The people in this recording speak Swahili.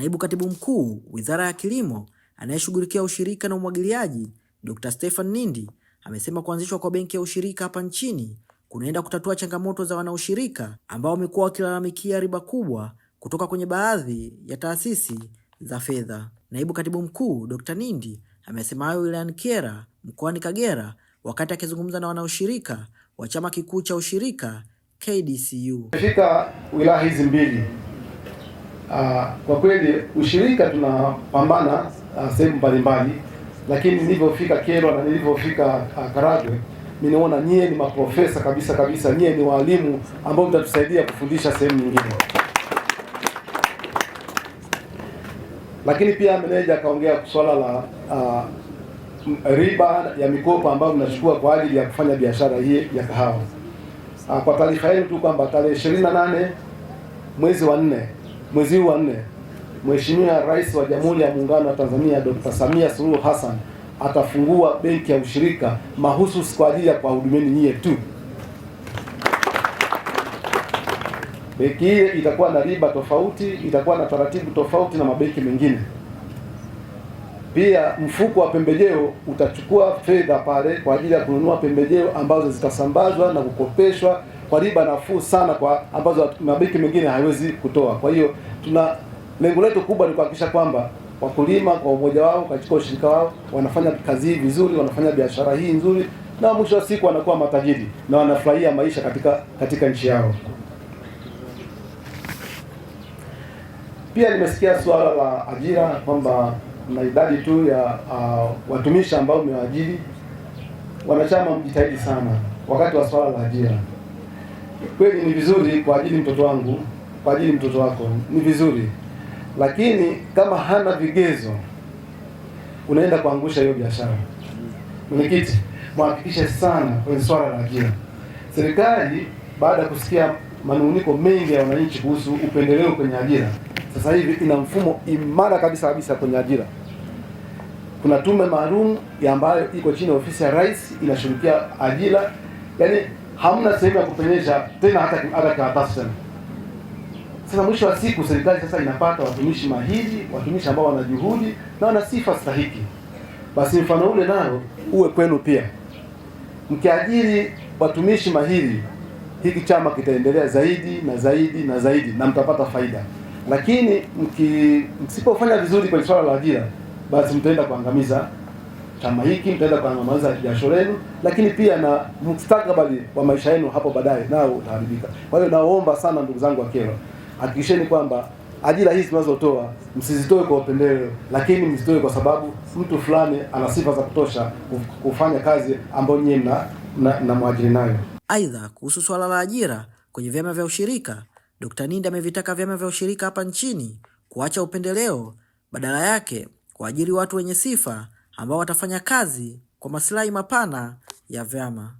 Naibu Katibu Mkuu Wizara ya Kilimo anayeshughulikia ushirika na umwagiliaji, Dr. Stephen Nindi amesema kuanzishwa kwa benki ya ushirika hapa nchini kunaenda kutatua changamoto za wanaushirika ambao wamekuwa wakilalamikia riba kubwa kutoka kwenye baadhi ya taasisi za fedha. Naibu Katibu Mkuu Dr. Nindi amesema hayo wilayani Kyela mkoani Kagera wakati akizungumza na wanaushirika wa chama kikuu cha ushirika KDCU. Shirika wilaya hizi mbili Uh, kwa kweli ushirika tunapambana uh, sehemu mbalimbali, lakini nilivyofika Kyerwa na nilivyofika uh, Karagwe ninaona nyie ni maprofesa kabisa kabisa, nyie ni waalimu ambao mtatusaidia kufundisha sehemu nyingine. Lakini pia meneja akaongea swala la uh, riba ya mikopo ambayo mnachukua kwa ajili ya kufanya biashara hii ya kahawa. Uh, kwa taarifa yenu tu kwamba tarehe 28 mwezi wa nne mwezi huu wa nne, Mheshimiwa Rais wa Jamhuri ya Muungano wa Tanzania Dr. Samia Suluhu Hassan atafungua benki ya ushirika mahususi kwa ajili ya kuwahudumieni nyie tu. Benki hii itakuwa na riba tofauti, itakuwa na taratibu tofauti na mabenki mengine. Pia mfuko wa pembejeo utachukua fedha pale kwa ajili ya kununua pembejeo ambazo zitasambazwa na kukopeshwa kwa riba nafuu sana, kwa ambazo mabenki mengine haiwezi kutoa. Kwa hiyo tuna lengo letu kubwa ni kuhakikisha kwamba wakulima kwa umoja wao katika ushirika wao wanafanya kazi hii vizuri, wanafanya biashara hii nzuri, na mwisho wa siku wanakuwa matajiri na wanafurahia maisha katika katika nchi yao. Pia nimesikia suala la ajira kwamba na idadi tu ya uh, watumishi ambao umewaajiri. Wanachama mjitahidi sana wakati wa suala la ajira kweli ni vizuri kwa ajili mtoto wangu, kwa ajili mtoto wako ni vizuri, lakini kama hana vigezo unaenda kuangusha hiyo biashara. Mwenyekiti, mhakikishe sana kwenye swala la ajira. Serikali baada ya kusikia manunguniko mengi ya wananchi kuhusu upendeleo kwenye ajira, sasa hivi ina mfumo imara kabisa kabisa kwenye ajira. Kuna tume maalum ambayo iko chini ya ofisi ya rais inashughulikia ajira, yaani hamna sehemu ya kupenyesha tena hata hata karatasi tena. Sasa mwisho wa siku serikali sasa inapata watumishi mahiri, watumishi ambao wana juhudi na wana sifa stahiki. Basi mfano ule nao uwe kwenu pia, mkiajiri watumishi mahiri, hiki chama kitaendelea zaidi na zaidi na zaidi na mtapata faida. Lakini mki msipofanya vizuri kwenye swala la ajira, basi mtaenda kuangamiza chama hiki, mtaenda kwa mamazi ya lenu, lakini pia na mustakabali wa maisha yenu hapo baadaye nao utaharibika. Kwa hiyo naomba sana ndugu zangu wa Kyerwa, hakikisheni kwamba ajira hizi tunazotoa msizitoe kwa upendeleo, lakini msitoe kwa sababu mtu fulani ana sifa za kutosha kufanya kazi ambayo nyinyi mna, na, na mwajiri nayo. Aidha, kuhusu swala la ajira kwenye vyama vya ushirika, Dkt. Nindi amevitaka vyama vya ushirika hapa nchini kuacha upendeleo, badala yake kuajiri watu wenye sifa ambao watafanya kazi kwa maslahi mapana ya vyama